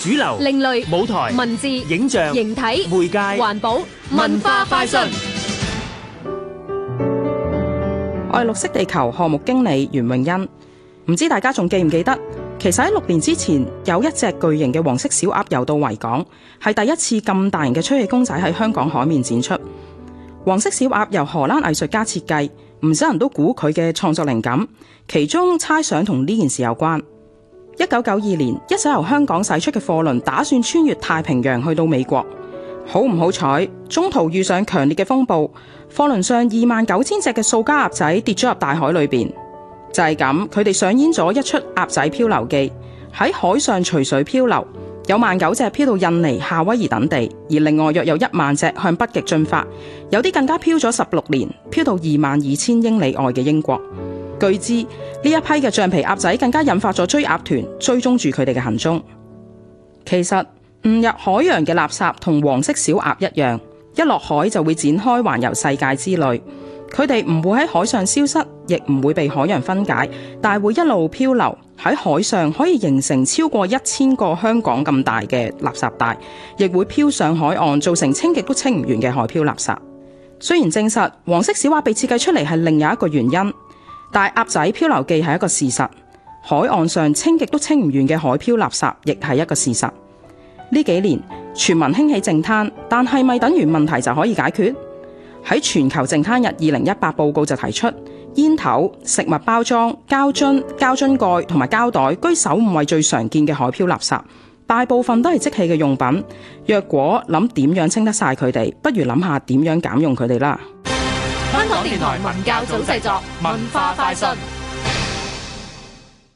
主流、另類、舞台、文字、影像、形體、媒介、環保、文化、快進。我係綠色地球項目經理袁詠恩，唔知大家仲記唔記得？其實喺六年之前，有一隻巨型嘅黃色小鴨游到維港，係第一次咁大型嘅吹氣公仔喺香港海面展出。黃色小鴨由荷蘭藝術家設計，唔少人都估佢嘅創作靈感，其中猜想同呢件事有關。一九九二年，一艘由香港駛出嘅貨輪，打算穿越太平洋去到美國。好唔好彩？中途遇上強烈嘅風暴，貨輪上二萬九千隻嘅塑膠鴨仔跌咗入大海裏邊。就係咁，佢哋上演咗一出鴨仔漂流記，喺海上隨水漂流。有萬九隻漂到印尼、夏威夷等地，而另外約有一萬隻向北極進發。有啲更加漂咗十六年，漂到二萬二千英里外嘅英國。據知呢一批嘅橡皮鴨仔更加引發咗追鴨團，追蹤住佢哋嘅行蹤。其實誤入海洋嘅垃圾同黃色小鴨一樣，一落海就會展開環遊世界之旅。佢哋唔會喺海上消失，亦唔會被海洋分解，但係會一路漂流喺海上，可以形成超過一千個香港咁大嘅垃圾帶，亦會漂上海岸，造成清極都清唔完嘅海漂垃圾。雖然證實黃色小鴨被設計出嚟係另有一個原因。大鴨仔漂流記係一個事實，海岸上清極都清唔完嘅海漂垃圾亦係一個事實。呢幾年全民興起淨灘，但係咪等於問題就可以解決？喺全球淨灘日二零一八報告就提出，煙頭、食物包裝、膠樽、膠樽蓋同埋膠袋居首五位最常見嘅海漂垃圾，大部分都係即棄嘅用品。若果諗點樣清得晒佢哋，不如諗下點樣減用佢哋啦。香港電台文教組製作《文化快訊》。